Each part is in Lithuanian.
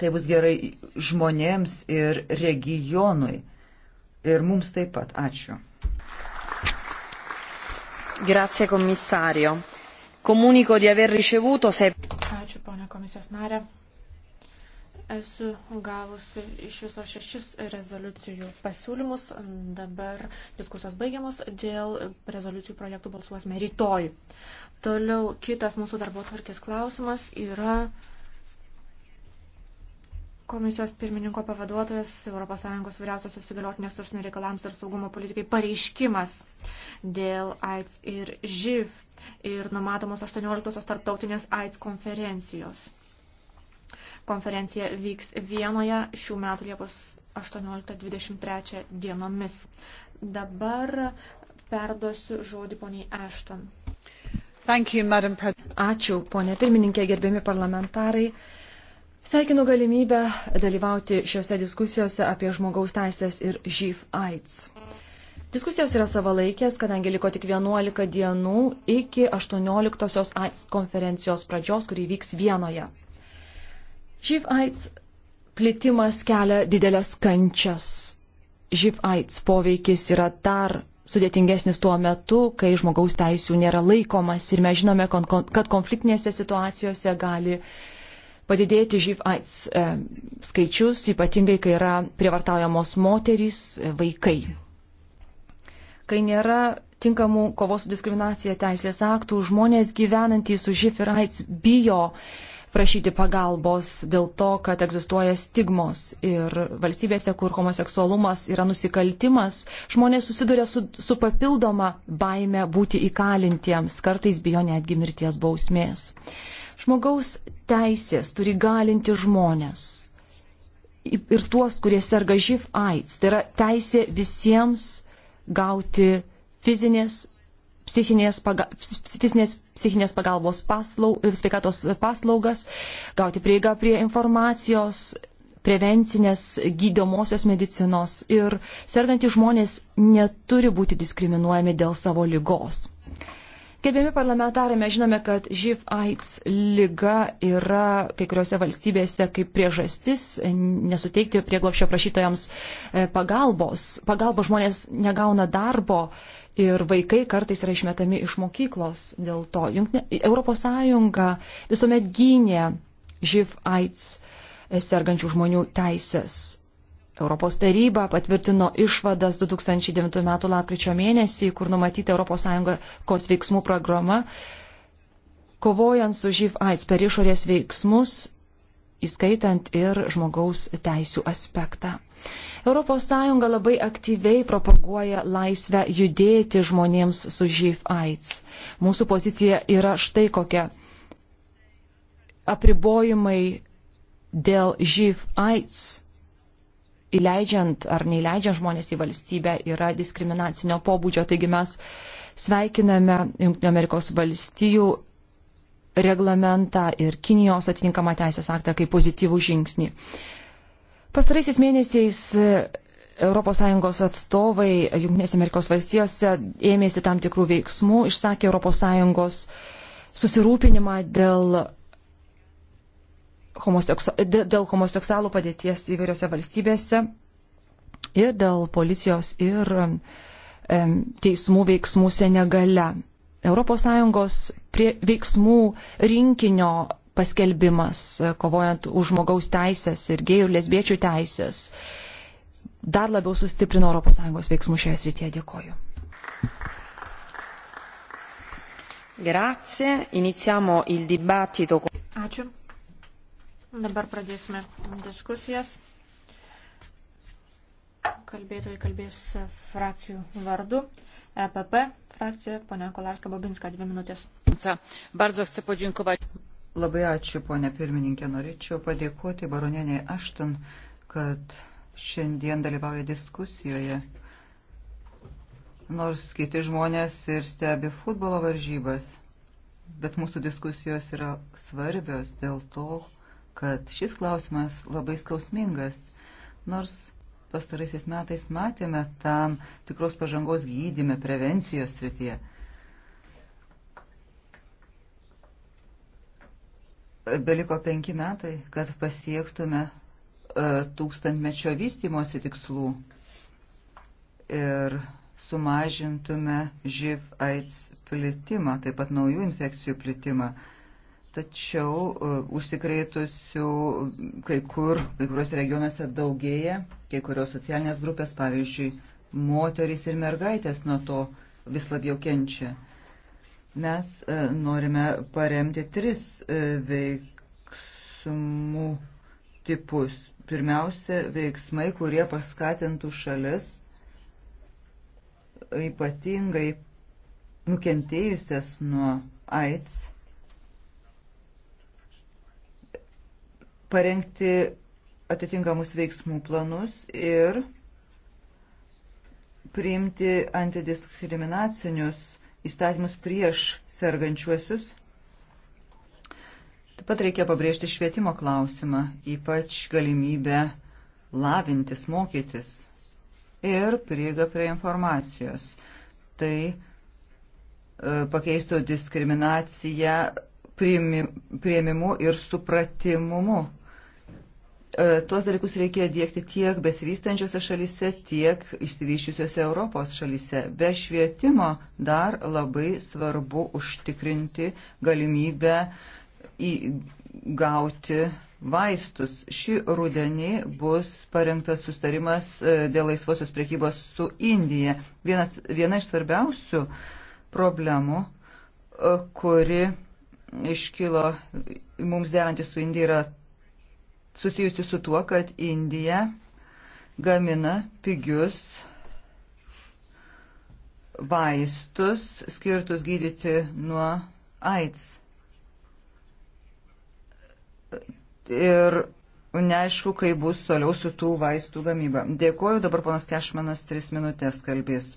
Tai bus gerai žmonėms ir regionui. Ir mums taip pat. Ačiū. Grazie, komisario. Komuniko di aver ricevuto se... Ačiū, ponia komisijos narė. Esu gavusi iš viso šešis rezoliucijų pasiūlymus. Dabar diskusijos baigiamos. Dėl rezoliucijų projektų balsuosime rytoj. Toliau kitas mūsų darbo tvarkės klausimas yra komisijos pirmininko pavaduotojas, ES vyriausiosios įsigaliotinės užsienio reikalams ir saugumo politikai pareiškimas dėl AIDS ir ŽIV ir numatomos 18-osios tarptautinės AIDS konferencijos. Konferencija vyks Vienoje šių metų Liepos 18-23 dienomis. Dabar perduosiu žodį poniai Ashton. You, Ačiū, ponė pirmininkė, gerbiami parlamentarai. Sveikinu galimybę dalyvauti šiuose diskusijose apie žmogaus teisės ir živ AIDS. Diskusijos yra savalaikės, kadangi liko tik 11 dienų iki 18-osios AIDS konferencijos pradžios, kurį vyks Vienoje. Živ AIDS plitimas kelia didelės kančias. Živ AIDS poveikis yra dar sudėtingesnis tuo metu, kai žmogaus teisų nėra laikomas ir mes žinome, kad konfliktinėse situacijose gali padidėti živ AIDS e, skaičius, ypatingai kai yra prievartaujamos moterys, e, vaikai. Kai nėra tinkamų kovos su diskriminacija teisės aktų, žmonės gyvenantys su živ ir AIDS bijo prašyti pagalbos dėl to, kad egzistuoja stigmos. Ir valstybėse, kur homoseksualumas yra nusikaltimas, žmonės susiduria su, su papildoma baime būti įkalintiems, kartais bijo netgi mirties bausmės. Žmogaus teisės turi galinti žmonės ir tuos, kurie serga živ AIDS. Tai yra teisė visiems gauti fizinės, psichinės, paga, fizinės, psichinės pagalbos paslau, sveikatos paslaugas, gauti prieigą prie informacijos, prevencinės gydomosios medicinos ir sergantys žmonės neturi būti diskriminuojami dėl savo lygos. Gerbiami parlamentarai, mes žinome, kad živ AIDS lyga yra kai kuriuose valstybėse kaip priežastis nesuteikti prieglopščio prašytojams e, pagalbos. Pagalbos žmonės negauna darbo ir vaikai kartais yra išmetami iš mokyklos. Dėl to Junkne, Europos Sąjunga visuomet gynė živ AIDS sergančių žmonių teisės Europos taryba patvirtino išvadas 2009 m. lapkričio mėnesį, kur numatyta ES veiksmų programa, kovojant su živ AIDS per išorės veiksmus, įskaitant ir žmogaus teisų aspektą. ES labai aktyviai propaguoja laisvę judėti žmonėms su živ AIDS. Mūsų pozicija yra štai kokia. Apribojimai dėl živ AIDS įleidžiant ar neįleidžiant žmonės į valstybę yra diskriminacinio pobūdžio. Taigi mes sveikiname JAV reglamentą ir Kinijos atitinkamą teisės aktą kaip pozityvų žingsnį. Pastaraisiais mėnesiais ES atstovai JAV ėmėsi tam tikrų veiksmų, išsakė ES susirūpinimą dėl homoseksu, dėl homoseksualų padėties įvairiose valstybėse ir dėl policijos ir teismų veiksmų Senegale. ES veiksmų rinkinio paskelbimas, kovojant už žmogaus teisės ir gėjų ir lesbiečių teisės, dar labiau sustiprino ES veiksmų šioje srityje. Dėkoju. Grazie, iniziamo il dibattito. Ačiū. Dabar pradėsime diskusijas. Kalbėtojai kalbės frakcijų vardu. EPP frakcija, ponia Kolarska Babinska, dvi minutės. Bardzo chcę podziękować. Labai ačiū, ponia pirmininkė. Norėčiau padėkoti baronieniai Ašton, kad šiandien dalyvauja diskusijoje nors kiti žmonės ir stebi futbolo varžybas, bet mūsų diskusijos yra svarbios dėl to, kad šis klausimas labai skausmingas, nors pastaraisiais metais matėme tam tikros pažangos gydyme, prevencijos srityje. Beliko penki metai, kad pasiektume e, tūkstantmečio vystimosi tikslų ir sumažintume živ AIDS plitimą, taip pat naujų infekcijų plitimą. Tačiau e, užsikrėtusių kai kur, kai kurios regionuose daugėja, kai kurios socialinės grupės, pavyzdžiui, moterys ir mergaitės nuo to vis labiau kenčia. Mes e, norime paremti tris e, veiksmų tipus. Pirmiausia, veiksmai, kurie paskatintų šalis ypatingai nukentėjusias nuo AIDS parengti atitinkamus veiksmų planus ir priimti antidiskriminacinius įstatymus prieš sergančiuosius. Taip pat reikia pabrėžti švietimo klausimą, ypač galimybę lavintis, mokytis ir prieiga prie informacijos. Tai e, pakeistų diskriminaciją priimimu ir supratimumu E, tuos dalykus reikia dėkti tiek besivystančiose šalyse, tiek išsivyščiusiose Europos šalyse. Be švietimo dar labai svarbu užtikrinti galimybę įgauti vaistus. Šį rudenį bus parengtas sustarimas e, dėl laisvosios priekybos su Indija. Vienas, viena iš svarbiausių problemų, e, kuri iškilo mums derantys su Indija, yra susijusi su tuo, kad Indija gamina pigius vaistus skirtus gydyti nuo AIDS. Ir neaišku, kai bus toliau su tų vaistų gamyba. Dėkuoju, dabar panas Kešmanas tris minutės kalbės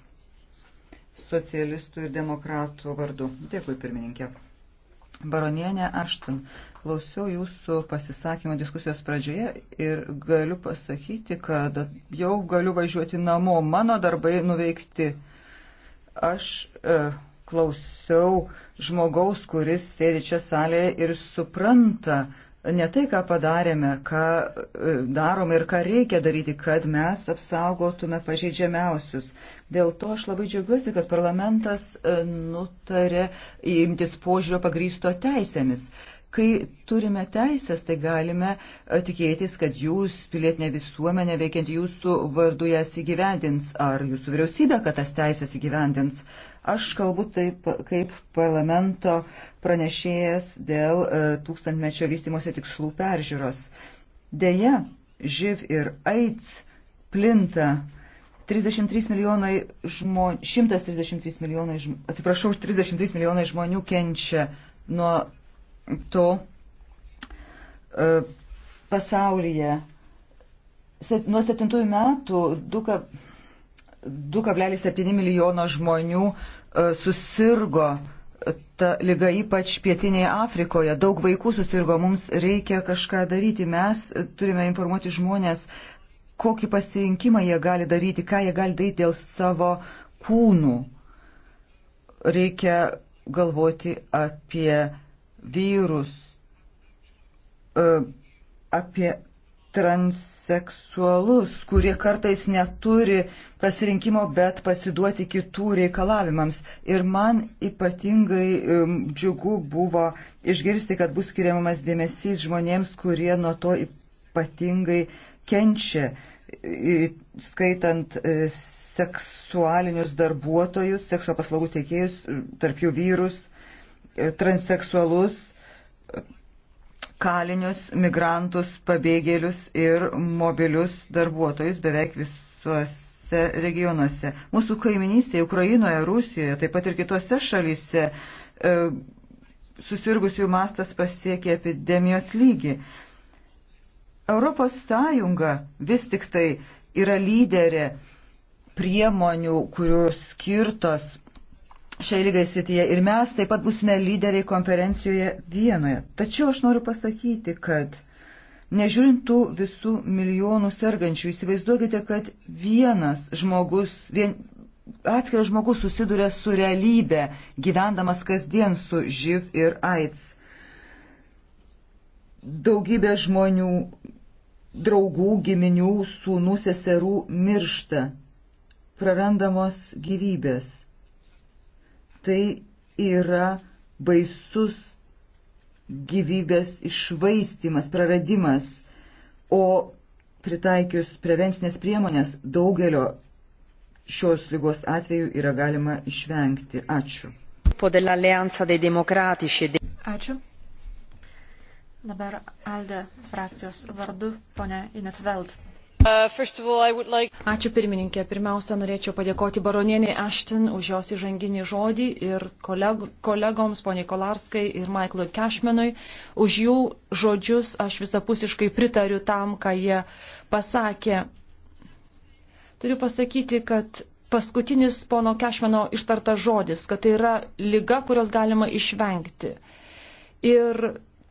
socialistų ir demokratų vardu. Dėkui, pirmininkė. Baronienė Ašton, Klausiau jūsų pasisakymą diskusijos pradžioje ir galiu pasakyti, kad jau galiu važiuoti namo, mano darbai nuveikti. Aš e, klausiau žmogaus, kuris sėdi čia salėje ir supranta ne tai, ką padarėme, ką e, darome ir ką reikia daryti, kad mes apsaugotume pažeidžiamiausius. Dėl to aš labai džiaugiuosi, kad parlamentas e, nutarė imtis požiūrio pagrysto teisėmis. E, Kai turime teisės, tai galime e, tikėtis, kad jūs, pilietinė visuomenė, veikiant jūsų vardu jas įgyvendins, ar jūsų vyriausybė, kad tas teisės įgyvendins. Aš kalbu taip, kaip parlamento pranešėjas dėl e, tūkstantmečio vystimosi tikslų peržiūros. Deja, živ ir AIDS plinta 33 milijonai žmonių, 133 milijonai, atsiprašau, 33 milijonai žmonių kenčia nuo to e, pasaulyje. Nuo 7 metų 2,7 milijono žmonių e, susirgo e, ta lyga ypač pietinėje Afrikoje. Daug vaikų susirgo, mums reikia kažką daryti. Mes turime informuoti žmonės, kokį pasirinkimą jie gali daryti, ką jie gali daryti dėl savo kūnų. Reikia galvoti apie vyrus, e, apie transseksualus, kurie kartais neturi pasirinkimo, bet pasiduoti kitų reikalavimams. Ir man ypatingai e, džiugu buvo išgirsti, kad bus skiriamas dėmesys žmonėms, kurie nuo to ypatingai kenčia, skaitant e, seksualinius darbuotojus, sekso paslaugų teikėjus, tarp jų vyrus transseksualus, kalinius, migrantus, pabėgėlius ir mobilius darbuotojus beveik visuose regionuose. Mūsų kaiminystėje, Ukrainoje, Rusijoje, taip pat ir kitose šalyse e, susirgusiųjų mastas pasiekė epidemijos lygį. Europos Sąjunga vis tik tai yra lyderė priemonių, kurios skirtos šiai lygai srityje ir mes taip pat būsime lyderiai konferencijoje vienoje. Tačiau aš noriu pasakyti, kad nežiūrintų visų milijonų sergančių, įsivaizduokite, kad vienas žmogus, vien, atskiras žmogus susiduria su realybė, gyvendamas kasdien su živ ir aids. Daugybė žmonių, draugų, giminių, sūnų, seserų miršta, prarandamos gyvybės tai yra baisus gyvybės išvaistimas, praradimas, o pritaikius prevencinės priemonės daugelio šios lygos atveju yra galima išvengti. Ačiū. E Ačiū. Dabar Alde frakcijos vardu, ponia Inetveld. Uh, Ačiū pirmininkė. Pirmiausia, norėčiau padėkoti baronieniai Ashton už jos įžanginį žodį ir koleg kolegoms, poniai Kolarskai ir Michaelui Cashmanui. Už jų žodžius aš visapusiškai pritariu tam, ką jie pasakė. Turiu pasakyti, kad paskutinis pono Cashmano ištartas žodis, kad tai yra lyga, kurios galima išvengti. Ir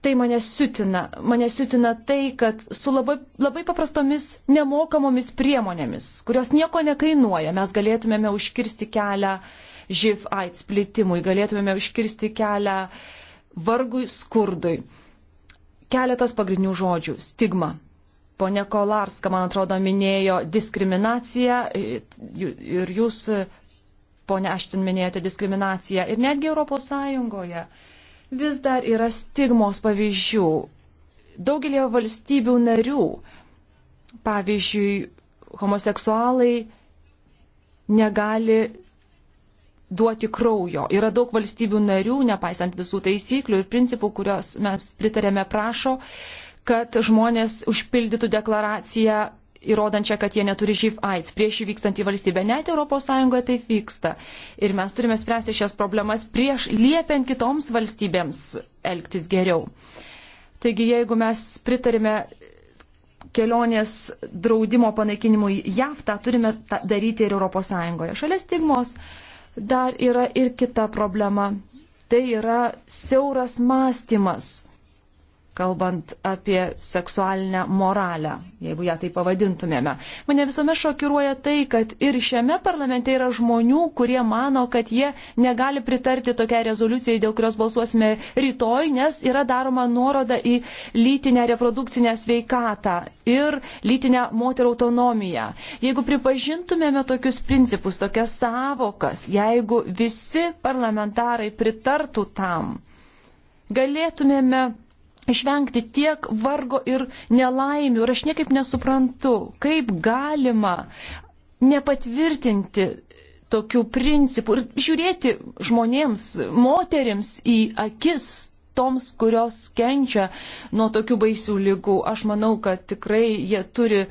tai mane siutina. Mane siutina tai, kad su labai, labai paprastomis nemokamomis priemonėmis, kurios nieko nekainuoja, mes galėtumėme užkirsti kelią živ AIDS plitimui, galėtumėme užkirsti kelią vargui skurdui. Keletas pagrindinių žodžių - stigma. Pone Kolarska, man atrodo, minėjo diskriminaciją ir jūs, pone Aštin, minėjote diskriminaciją ir netgi Europos Sąjungoje vis dar yra stigmos pavyzdžių. Daugelį valstybių narių, pavyzdžiui, homoseksualai negali duoti kraujo. Yra daug valstybių narių, nepaisant visų taisyklių ir principų, kurios mes pritarėme, prašo, kad žmonės užpildytų deklaraciją įrodančią, kad jie neturi živ AIDS prieš įvykstant į valstybę. Net ES tai vyksta. Ir mes turime spręsti šias problemas prieš liepiant kitoms valstybėms elgtis geriau. Taigi jeigu mes pritarime kelionės draudimo panaikinimui JAV, tą turime tą daryti ir ES. Šalia stigmos dar yra ir kita problema. Tai yra siauras mąstymas kalbant apie seksualinę moralę, jeigu ją tai pavadintumėme. Mane visuomet šokiruoja tai, kad ir šiame parlamente yra žmonių, kurie mano, kad jie negali pritarti tokiai rezoliucijai, dėl kurios balsuosime rytoj, nes yra daroma nuoroda į lytinę reprodukcinę sveikatą ir lytinę moterų autonomiją. Jeigu pripažintumėme tokius principus, tokias savokas, jeigu visi parlamentarai pritartų tam, galėtumėme išvengti tiek vargo ir nelaimių. Ir aš niekaip nesuprantu, kaip galima nepatvirtinti tokių principų ir žiūrėti žmonėms, moteriams į akis toms, kurios kenčia nuo tokių baisių lygų. Aš manau, kad tikrai jie turi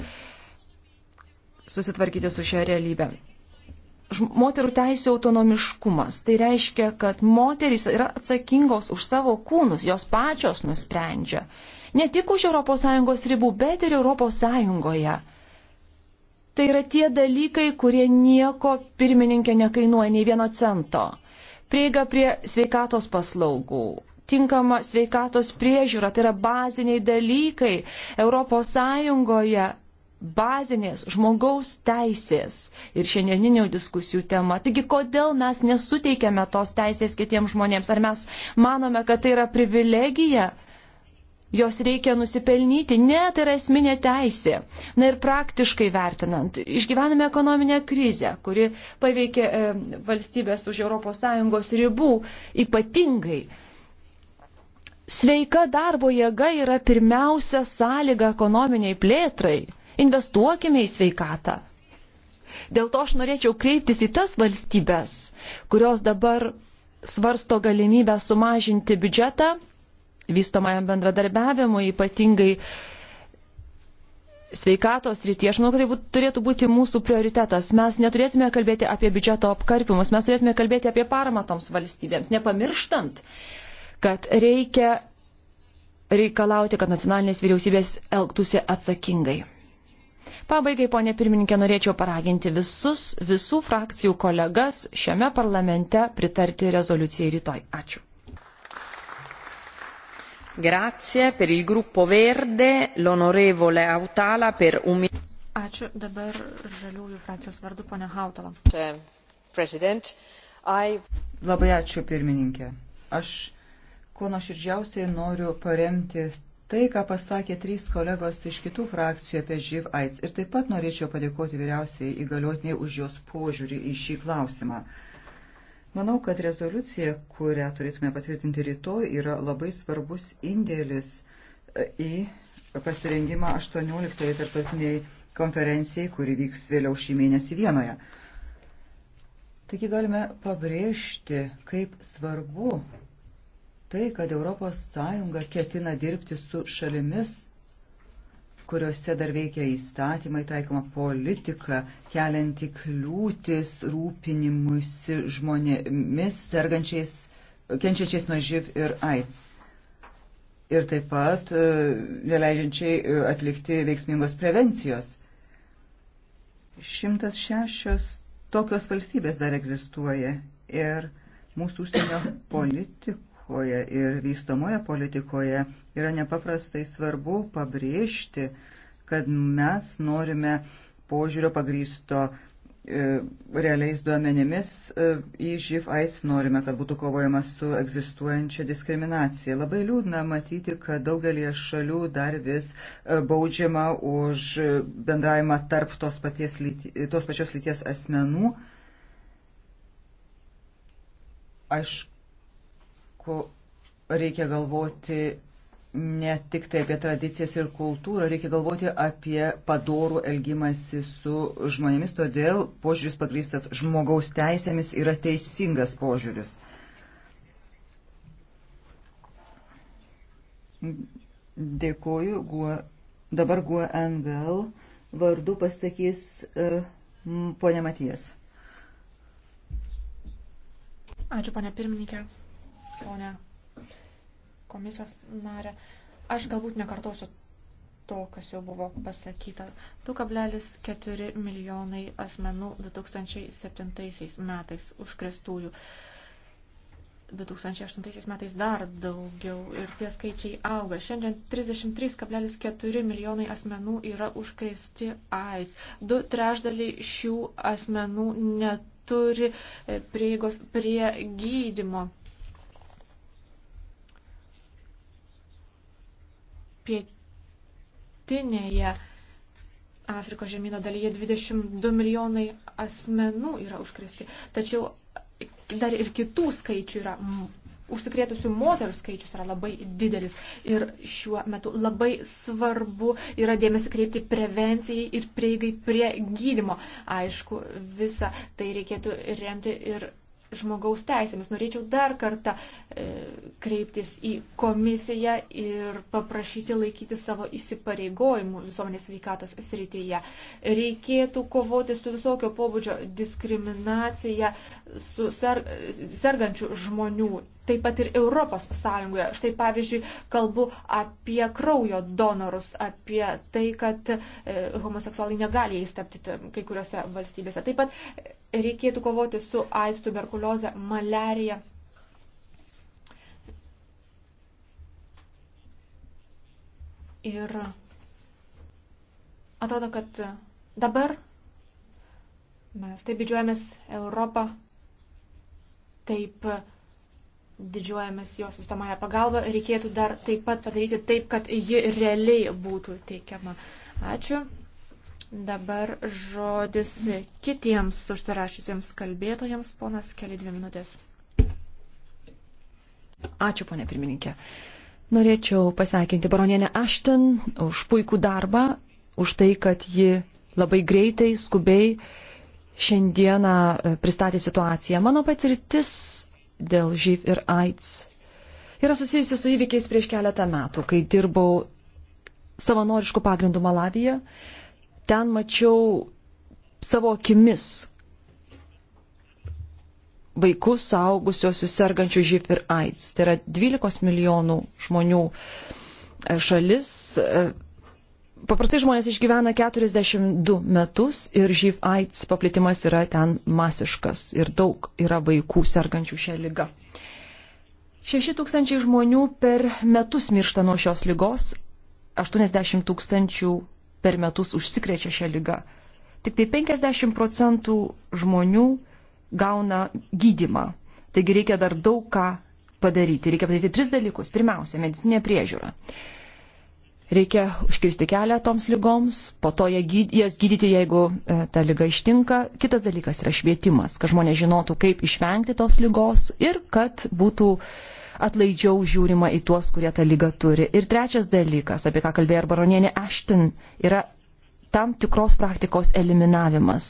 susitvarkyti su šia realybė moterų teisų autonomiškumas. Tai reiškia, kad moterys yra atsakingos už savo kūnus, jos pačios nusprendžia. Ne tik už ES ribų, bet ir ES. Tai yra tie dalykai, kurie nieko pirmininkė nekainuoja nei vieno cento. Prieiga prie sveikatos paslaugų, tinkama sveikatos priežiūra, tai yra baziniai dalykai ES bazinės žmogaus teisės ir šiandieninių diskusijų tema. Taigi, kodėl mes nesuteikėme tos teisės kitiems žmonėms? Ar mes manome, kad tai yra privilegija? Jos reikia nusipelnyti. Ne, tai yra esminė teisė. Na ir praktiškai vertinant, išgyvename ekonominę krizę, kuri paveikė e, valstybės už ES ribų ypatingai. Sveika darbo jėga yra pirmiausia sąlyga ekonominiai plėtrai Investuokime į sveikatą. Dėl to aš norėčiau kreiptis į tas valstybės, kurios dabar svarsto galimybę sumažinti biudžetą vystomajam bendradarbiavimui, ypatingai sveikatos rytyje. Aš manau, kad tai būt, turėtų būti mūsų prioritetas. Mes neturėtume kalbėti apie biudžeto apkarpimus, mes turėtume kalbėti apie paramą toms valstybėms, nepamirštant, kad reikia reikalauti, kad nacionalinės vyriausybės elgtųsi atsakingai. Pabaigai, ponė pirmininkė, norėčiau paraginti visus, visų frakcijų kolegas šiame parlamente pritarti rezoliucijai rytoj. Ačiū. Grazie per il gruppo verde, l'onorevole Autala per un minuto. Ačiū dabar žaliųjų frakcijos vardu, ponė Hautala. I... Labai ačiū pirmininkė. Aš kuo nuoširdžiausiai noriu paremti tai, ką pasakė trys kolegos iš kitų frakcijų apie živ AIDS. Ir taip pat norėčiau padėkoti vyriausiai įgaliotiniai už jos požiūrį į šį klausimą. Manau, kad rezoliucija, kurią turėtume patvirtinti rytoj, yra labai svarbus indėlis e, į pasirengimą 18-ąją tarptautiniai konferencijai, kuri vyks vėliau šį mėnesį Vienoje. Taigi galime pabrėžti, kaip svarbu tai, kad ES ketina dirbti su šalimis, kuriuose dar veikia įstatymai, taikoma politika, kelianti kliūtis rūpinimusi žmonėmis, sergančiais, kenčiačiais nuo živ ir aids. Ir taip pat e, neleidžiančiai e, atlikti veiksmingos prevencijos. 106 tokios valstybės dar egzistuoja ir mūsų užsienio politikų politikoje ir vystomoje politikoje yra nepaprastai svarbu pabrėžti, kad mes norime požiūrio pagrysto e, realiais duomenimis e, į živ AIDS norime, kad būtų kovojama su egzistuojančia diskriminacija. Labai liūdna matyti, kad daugelie šalių dar vis e, baudžiama už bendravimą tarp tos, paties, tos pačios lyties asmenų. Aišku, aišku, reikia galvoti ne tik tai apie tradicijas ir kultūrą, reikia galvoti apie padorų elgimąsi su žmonėmis, todėl požiūris pagrįstas žmogaus teisėmis yra teisingas požiūris. Dėkoju, guo, dabar guo NGL vardu pasakys uh, ponė Matijas. Ačiū, ponė pirmininkė ponę komisijos narę. Aš galbūt nekartosiu to, kas jau buvo pasakyta. 2,4 milijonai asmenų 2007 metais užkrestųjų. 2008 metais dar daugiau ir tie skaičiai auga. Šiandien 33,4 milijonai asmenų yra užkreisti AIDS. Du trešdaliai šių asmenų neturi e, prieigos prie gydimo. pietinėje Afrikos žemyno dalyje 22 milijonai asmenų yra užkrėsti. Tačiau dar ir kitų skaičių yra. Užsikrėtusių moterų skaičius yra labai didelis ir šiuo metu labai svarbu yra dėmesį kreipti prevencijai ir prieigai prie gydimo. Aišku, visą tai reikėtų remti ir žmogaus teisėmis. Norėčiau dar kartą e, kreiptis į komisiją ir paprašyti laikyti savo įsipareigojimų visuomenės veikatos srityje. Reikėtų kovoti su visokio pobūdžio diskriminacija, su ser, sergančių žmonių taip pat ir Europos Sąjungoje. Štai pavyzdžiui, kalbu apie kraujo donorus, apie tai, kad e, homoseksualai negali įstepti kai kuriuose valstybėse. Taip pat e, reikėtų kovoti su AIDS, tuberkulioze, malerija. Ir atrodo, kad dabar mes taip didžiuojamės Europą, taip didžiuojamės jos visuomąją pagalbą, reikėtų dar taip pat padaryti taip, kad ji realiai būtų teikiama. Ačiū. Dabar žodis kitiems užsirašysiems kalbėtojams, ponas keli dvi minutės. Ačiū, ponė pirmininkė. Norėčiau pasveikinti baronienę Ashton už puikų darbą, už tai, kad ji labai greitai, skubiai šiandieną pristatė situaciją. Mano patirtis dėl živ ir AIDS yra susijusi su įvykiais prieš keletą metų, kai dirbau savanoriškų pagrindų Malavyje. Ten mačiau savo akimis vaikus saugusiosius sergančių živ ir AIDS. Tai yra 12 milijonų žmonių e, šalis e, Paprastai žmonės išgyvena 42 metus ir živ AIDS paplitimas yra ten masiškas ir daug yra vaikų sergančių šią lygą. 6 tūkstančiai žmonių per metus miršta nuo šios lygos, 80 tūkstančių per metus užsikrečia šią lygą. Tik tai 50 procentų žmonių gauna gydimą. Taigi reikia dar daug ką padaryti. Reikia padaryti tris dalykus. Pirmiausia, medicinė priežiūra. Reikia užkirsti kelią toms lygoms, po to jas gydyti, jeigu e, ta lyga ištinka. Kitas dalykas yra švietimas, kad žmonės žinotų, kaip išvengti tos lygos ir kad būtų atlaidžiau žiūrima į tuos, kurie tą lygą turi. Ir trečias dalykas, apie ką kalbėjo ir baronienė Ashton, yra tam tikros praktikos eliminavimas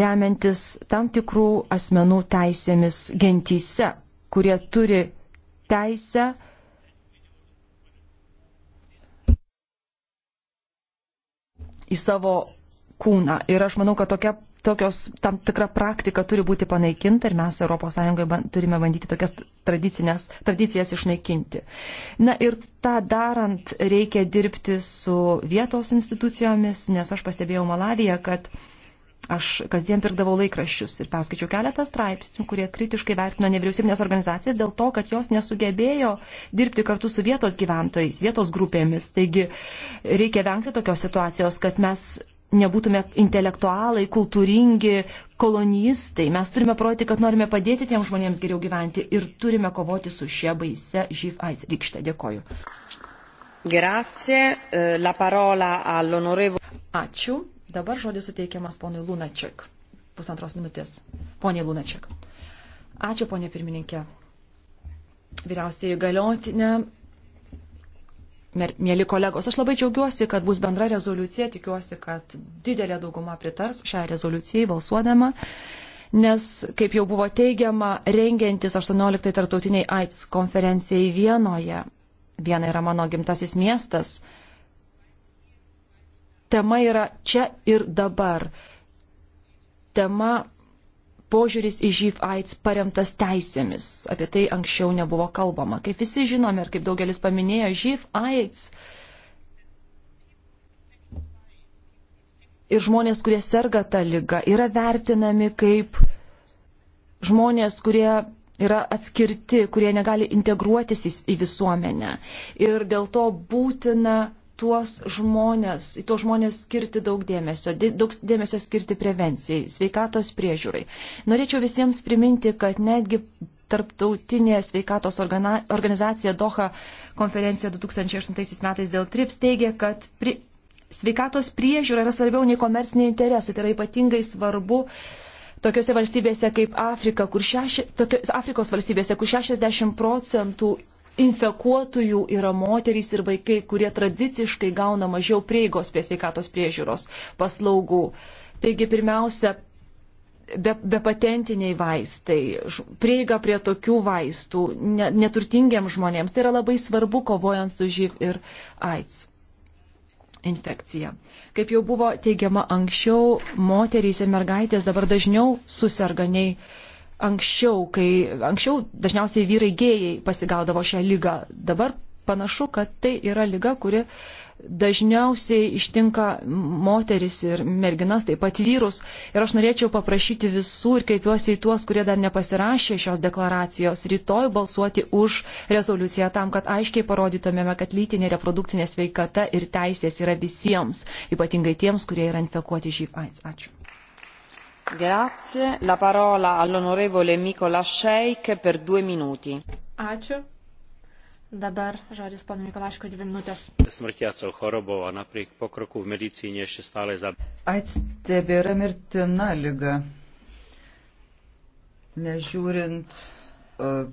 remiantis tam tikrų asmenų teisėmis gentyse, kurie turi teisę į savo kūną. Ir aš manau, kad tokia, tokios, tam tikra praktika turi būti panaikinta ir mes ES turime bandyti tokias tradicijas išnaikinti. Na ir tą darant reikia dirbti su vietos institucijomis, nes aš pastebėjau Malaviją, kad Aš kasdien pirkdavau laikraščius ir perskaičiau keletą straipsnių, kurie kritiškai vertino nevyriausybinės organizacijas dėl to, kad jos nesugebėjo dirbti kartu su vietos gyventojais, vietos grupėmis. Taigi reikia vengti tokios situacijos, kad mes nebūtume intelektualai, kultūringi, kolonistai. Mes turime parodyti, kad norime padėti tiem žmonėms geriau gyventi ir turime kovoti su šia baise živ AIDS rykšte. Dėkoju. Grazie. Eh, la parola all'onorevo. Ačiū. Dabar žodis suteikiamas ponui Lunačiak. Pusantros minutės. Poniai Lunačiak. Ačiū, ponė pirmininkė. Vyriausiai galiotinė. Mėly kolegos, aš labai džiaugiuosi, kad bus bendra rezoliucija, tikiuosi, kad didelė dauguma pritars šią rezoliuciją balsuodama nes, kaip jau buvo teigiama, rengiantis 18 tartautiniai AIDS konferencijai Vienoje, Viena yra mano gimtasis miestas, tema yra čia ir dabar. Tema požiūris į živ AIDS paremtas teisėmis. Apie tai anksčiau nebuvo kalbama. Kaip visi žinome ir kaip daugelis paminėjo, živ AIDS ir žmonės, kurie serga tą lygą, yra vertinami kaip žmonės, kurie yra atskirti, kurie negali integruotis į visuomenę. Ir dėl to būtina tuos žmonės, į tuos žmonės skirti daug dėmesio, daug dėmesio skirti prevencijai, sveikatos priežiūrai. Norėčiau visiems priminti, kad netgi Tarptautinė sveikatos organa, organizacija Doha konferencijoje 2008 metais dėl TRIPS teigia, kad pri, sveikatos priežiūra yra svarbiau nei komerciniai interesai. Tai yra ypatingai svarbu tokiose valstybėse kaip Afrika, kur šeši, tokio, Afrikos valstybėse, kur 60 procentų infekuotųjų yra moterys ir vaikai, kurie tradiciškai gauna mažiau prieigos prie sveikatos priežiūros paslaugų. Taigi pirmiausia, be, be patentiniai vaistai, prieiga prie tokių vaistų ne, neturtingiems žmonėms, tai yra labai svarbu kovojant su živ ir AIDS infekcija. Kaip jau buvo teigiama anksčiau, moterys ir mergaitės dabar dažniau susirga nei uh, anksčiau, kai anksčiau dažniausiai vyrai gėjai pasigaudavo šią lygą. Dabar panašu, kad tai yra lyga, kuri dažniausiai ištinka moteris ir merginas, taip pat vyrus. Ir aš norėčiau paprašyti visų ir kreipiuosi į tuos, kurie dar nepasirašė šios deklaracijos, rytoj balsuoti už rezoliuciją tam, kad aiškiai parodytumėme, kad lytinė reprodukcinė sveikata ir teisės yra visiems, ypatingai tiems, kurie yra infekuoti živ AIDS. Ačiū. Grazie. La parola all'onorevole Mikola Šeik per due minuti. Ačiū. Dabar žodis panu Mikolaško dvi minutės. Smrtiaco chorobo, a napriek pokroku v medicíne ešte stále za... AIDS tebėra mirtina lyga. Nežiūrint uh,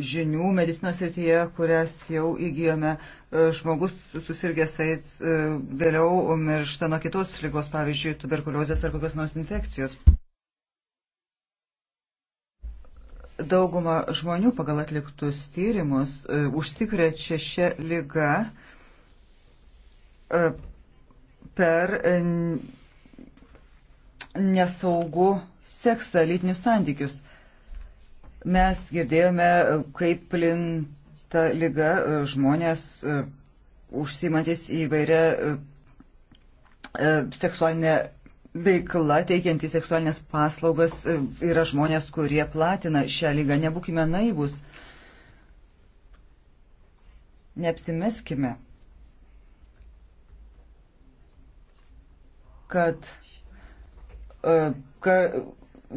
žinių medicinos srityje, kurias jau įgyjome. E, žmogus susirgęs AIDS e, vėliau miršta nuo kitos lygos, pavyzdžiui, tuberkuliozės ar kokios nors infekcijos. Dauguma žmonių pagal atliktus tyrimus e, užsikrečia šią lygą per nesaugų seksą, lytinius santykius. Mes girdėjome, kaip plinta lyga žmonės e, užsimantis įvairia e, seksualinė veikla, teikiantys seksualinės paslaugas, e, yra žmonės, kurie platina šią lygą. Nebūkime naivus. Neapsimeskime, kad ka,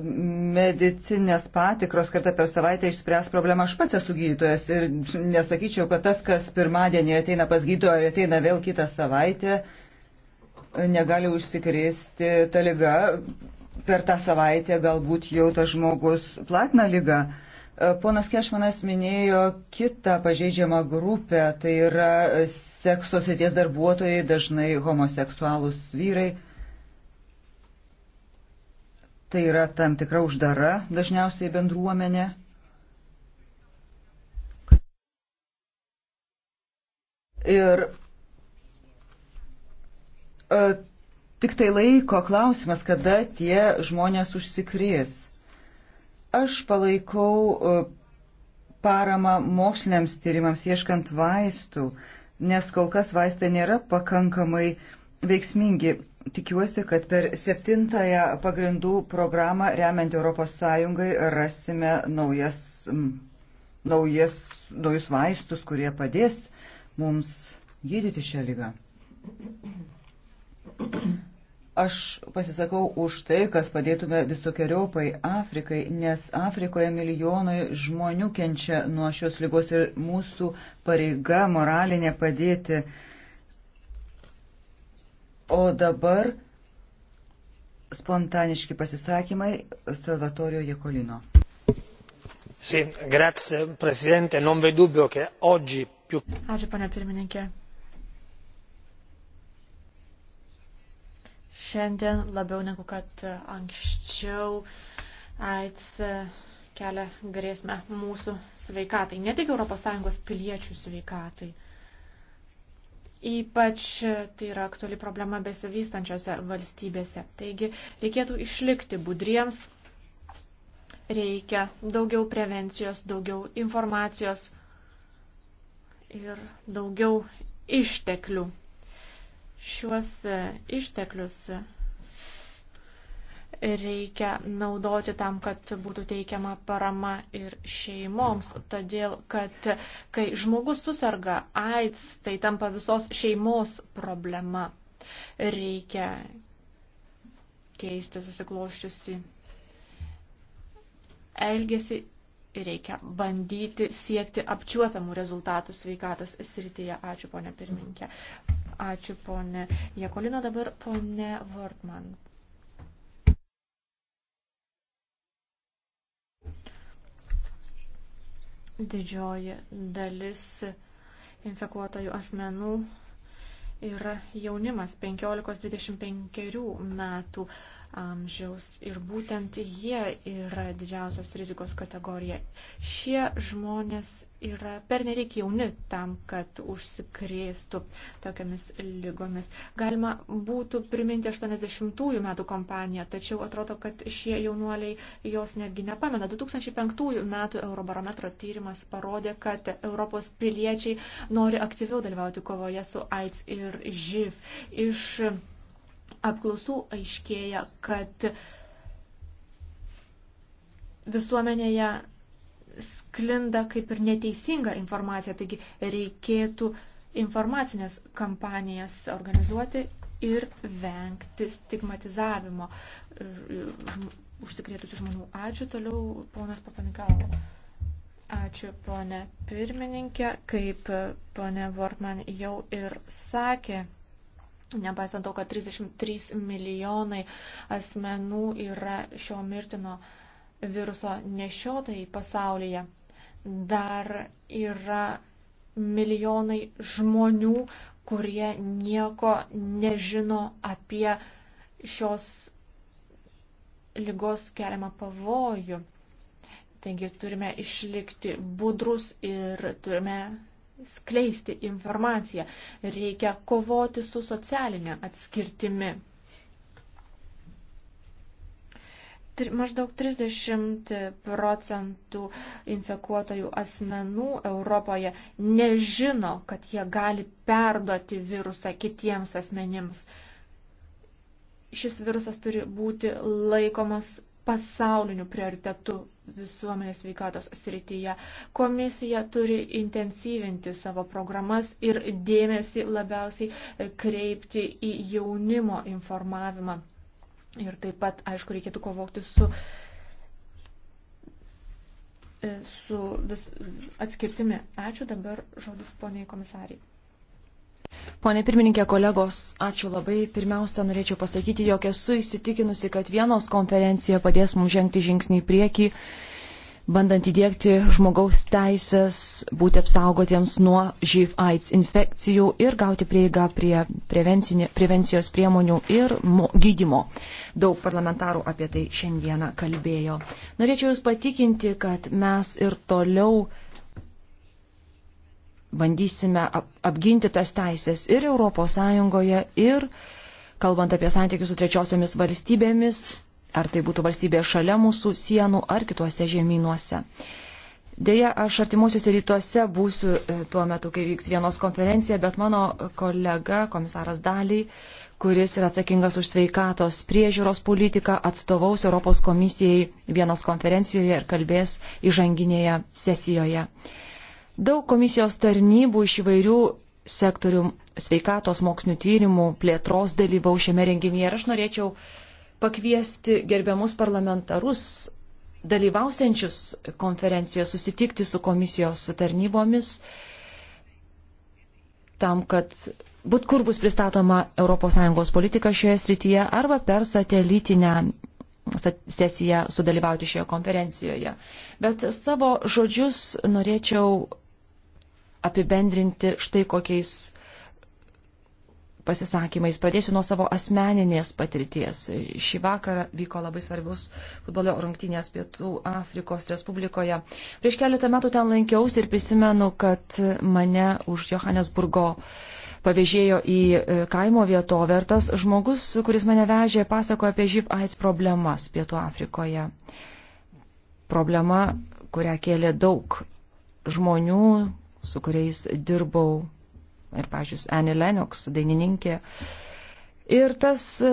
medicinės patikros kartą per savaitę išspręs problemą. Aš pats esu gydytojas ir nesakyčiau, kad tas, kas pirmadienį ateina pas gydytoją ir ateina vėl kitą savaitę, negali užsikrėsti tą lygą. Per tą savaitę galbūt jau tas žmogus platina lygą. Ponas Kešmanas minėjo kitą pažeidžiamą grupę, tai yra sekso sėties darbuotojai, dažnai homoseksualūs vyrai. Tai yra tam tikra uždara dažniausiai bendruomenė. Ir e, tik tai laiko klausimas, kada tie žmonės užsikrės. Aš palaikau e, paramą moksliniams tyrimams ieškant vaistų, nes kol kas vaistai nėra pakankamai veiksmingi tikiuosi, kad per septintąją pagrindų programą remiant ES rasime naujas, naujas, naujus vaistus, kurie padės mums gydyti šią lygą. Aš pasisakau už tai, kas padėtume visokiojopai Afrikai, nes Afrikoje milijonai žmonių kenčia nuo šios lygos ir mūsų pareiga moralinė padėti uh, O dabar spontaniški pasisakymai Salvatorio Jekolino. Sì, grazie Presidente, non v'è dubbio che oggi più. Ačiū, pane pirmininkė. Šiandien labiau negu kad anksčiau AIDS kelia grėsmę mūsų sveikatai, ne tik ES piliečių sveikatai. Ypač tai yra aktuali problema besivystančiose valstybėse. Taigi reikėtų išlikti budriems, reikia daugiau prevencijos, daugiau informacijos ir daugiau išteklių. Šiuos išteklius reikia naudoti tam, kad būtų teikiama parama ir šeimoms. Todėl, kad kai žmogus susirga AIDS, tai tampa visos šeimos problema. Reikia keisti susikloščiusi elgesi reikia bandyti siekti apčiuopiamų rezultatų sveikatos srityje. Ačiū, ponė pirmininkė. Ačiū, ponė Jekolino. Dabar ponė Vortman. Didžioji dalis infekuotojų asmenų yra jaunimas 15-25 metų amžiaus ir būtent jie yra didžiausios rizikos kategorija. Šie žmonės yra pernelik jauni tam, kad užsikrėstų tokiamis lygomis. Galima būtų priminti 80-ųjų metų kompaniją, tačiau atrodo, kad šie jaunuoliai jos netgi nepamena. 2005 metų Eurobarometro tyrimas parodė, kad Europos piliečiai nori aktyviau dalyvauti kovoje su AIDS ir živ. Iš apklausų aiškėja, kad visuomenėje sklinda kaip ir neteisinga informacija, taigi reikėtų informacinės kampanijas organizuoti ir vengti stigmatizavimo užsikrėtusių žmonių. Ačiū toliau, ponas Papanikalvo. Ačiū, ponė pirmininkė. Kaip ponė Vortman jau ir sakė, nepaisant to, kad 33 milijonai asmenų yra šio mirtino uh, viruso nešiotojai pasaulyje. Dar yra milijonai žmonių, kurie nieko nežino apie šios lygos keliamą pavojų. Taigi turime išlikti budrus ir turime skleisti informaciją. Reikia kovoti su socialinė atskirtimi. Tri, maždaug 30 procentų infekuotojų asmenų Europoje nežino, kad jie gali perduoti virusą kitiems asmenims. Šis virusas turi būti laikomas pasauliniu prioritetu visuomenės veikatos srityje. Komisija turi intensyvinti savo programas ir dėmesį labiausiai kreipti į jaunimo informavimą Ir taip pat, aišku, reikėtų kovokti su, e, su vis, atskirtimi. Ačiū dabar žodis poniai komisariai. Pone pirmininkė, kolegos, ačiū labai. Pirmiausia, norėčiau pasakyti, jog esu įsitikinusi, kad vienos konferencija padės mums žengti žingsnį į priekį bandant įdėkti žmogaus teisės, būti apsaugotiems nuo živ AIDS infekcijų ir gauti prieigą prie prevencijos priemonių ir gydimo. Daug parlamentarų apie tai šiandieną kalbėjo. Norėčiau Jūs patikinti, kad mes ir toliau bandysime apginti tas teisės ir ES, ir kalbant apie santykius su trečiosiomis valstybėmis, ar tai būtų valstybė šalia mūsų sienų ar kituose žemynuose. Deja, aš artimuosiuose rytuose būsiu e, tuo metu, kai vyks vienos konferencija, bet mano kolega, komisaras Daliai, kuris yra atsakingas už sveikatos priežiūros politiką, atstovaus Europos komisijai vienos konferencijoje ir kalbės įžanginėje sesijoje. Daug komisijos tarnybų iš įvairių sektorių sveikatos mokslinių tyrimų plėtros dalyvau šiame renginyje ir aš norėčiau uh, pakviesti gerbiamus parlamentarus dalyvausiančius konferencijoje susitikti su komisijos tarnybomis tam, kad būt kur bus pristatoma ES politika šioje srityje arba per satelitinę sesiją sudalyvauti šioje konferencijoje. Bet savo žodžius norėčiau apibendrinti štai kokiais pasisakymais. Pradėsiu nuo savo asmeninės patirties. Šį vakarą vyko labai svarbus futbolo rungtynės Pietų Afrikos Respublikoje. Prieš keletą metų ten lankiausi ir prisimenu, kad mane už Johannesburgo pavėžėjo į e, kaimo vietovę ir tas žmogus, kuris mane vežė, pasakojo apie živ AIDS problemas Pietų Afrikoje. Problema, kurią kėlė daug žmonių, su kuriais dirbau ir, pažiūrėjus, Annie Lennox, dainininkė. Ir tas e,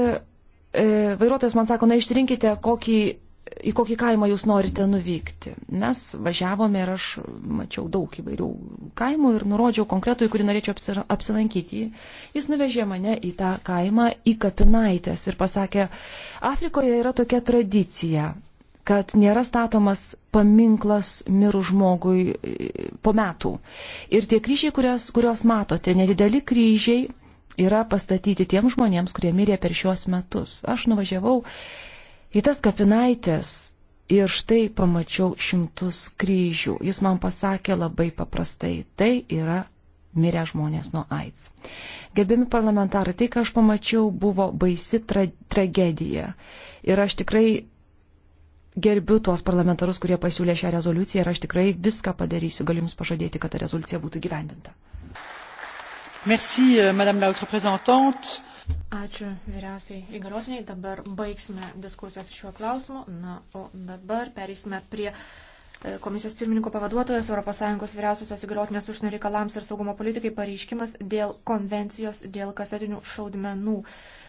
e, vairuotojas man sako, na išsirinkite, kokį, į kokį kaimą jūs norite nuvykti. Mes važiavome ir aš mačiau daug įvairių kaimų ir nurodžiau konkretų, į kurį norėčiau apsilankyti. Jis nuvežė mane į tą kaimą, į kapinaitės ir pasakė, Afrikoje yra tokia tradicija kad nėra statomas paminklas mirų žmogui e, po metų. Ir tie kryžiai, kurios, kurios matote, nedideli kryžiai yra pastatyti tiem žmonėms, kurie mirė per šiuos metus. Aš nuvažiavau į tas kapinaitės ir štai pamačiau šimtus kryžių. Jis man pasakė labai paprastai, tai yra mirę žmonės nuo AIDS. Gerbimi parlamentarai, tai, ką aš pamačiau, buvo baisi tra tragedija. Ir aš tikrai gerbiu tuos parlamentarus, kurie pasiūlė šią rezoliuciją ir aš tikrai viską padarysiu, galiu Jums pažadėti, kad ta rezoliucija būtų gyvendinta. Merci, euh, Madame la Haute Représentante. Ačiū vyriausiai įgaliosiniai. Dabar baigsime diskusijas šiuo klausimu. Na, o dabar perėsime prie e, komisijos pirmininko pavaduotojas ES vyriausiosios įgaliotinės užsienio reikalams ir saugumo politikai pareiškimas dėl konvencijos dėl kasetinių šaudmenų.